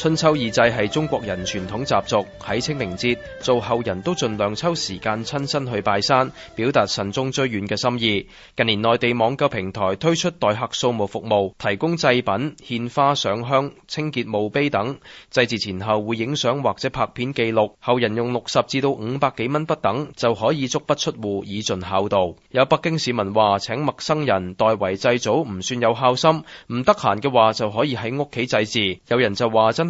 春秋二祭係中國人傳統習俗，喺清明節做後人都盡量抽時間親身去拜山，表達慎終追遠嘅心意。近年內地網購平台推出代客掃墓服務，提供祭品、獻花、上香、清潔墓碑等祭祀前後會影相或者拍片記錄，後人用六十至到五百幾蚊不等就可以足不出戶以盡孝道。有北京市民話：請陌生人代為祭祖唔算有孝心，唔得閒嘅話就可以喺屋企祭祀。有人就話真，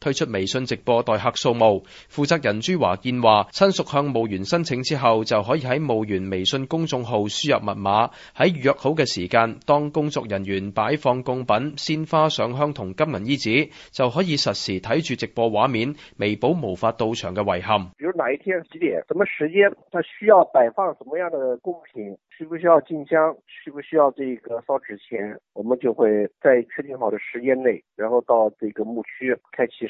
推出微信直播代客掃墓，負責人朱華健話，親屬向墓園申請之後，就可以喺墓園微信公眾號輸入密碼，喺預約好嘅時間，當工作人員擺放貢品、鮮花、上香同金銀衣紙，就可以實時睇住直播畫面，彌補無法到場嘅遺憾。比如哪一天幾點，什麼時間，他需要擺放什麼樣的貢品，需不需要進香，需不需要這個燒紙錢，我們就會在確定好的時間內，然後到這個墓區開啟。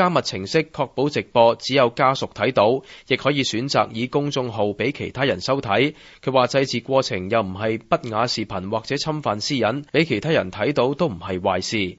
加密程式確保直播只有家屬睇到，亦可以選擇以公眾號俾其他人收睇。佢話祭祀過程又唔係不雅視頻或者侵犯私隱，俾其他人睇到都唔係壞事。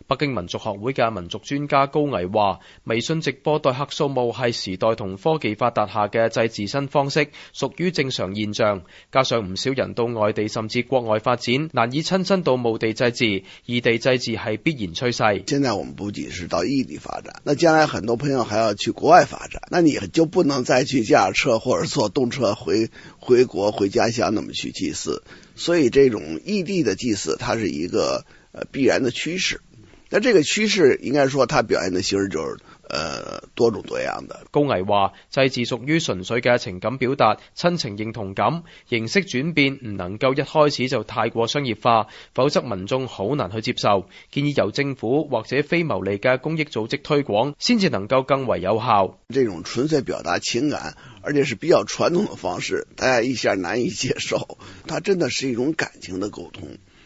北京民族學會嘅民族專家高毅話，微信直播代客掃墓係時代同科技發達下嘅祭祀新方式，屬於正常現象。加上唔少人到外地甚至國外發展，難以親身到墓地祭祀，異地祭祀係必然趨勢。現在我們不僅是到異地發展，那將來很多朋友還要去國外發展，那你就不能再去駕車或者坐動車回回國回家鄉，那麼去祭祀。所以，這種異地的祭祀，它是一個呃必然的趨勢。那這個趨勢應該說，它表現的形式就是呃多種多樣的。高危話，祭祀屬於純粹嘅情感表達、親情認同感，形式轉變唔能夠一開始就太過商業化，否則民眾好難去接受。建議由政府或者非牟利嘅公益組織推廣，先至能夠更為有效。這種純粹表達情感，而且是比較傳統的方式，大家一下難以接受。它真的是一種感情的溝通。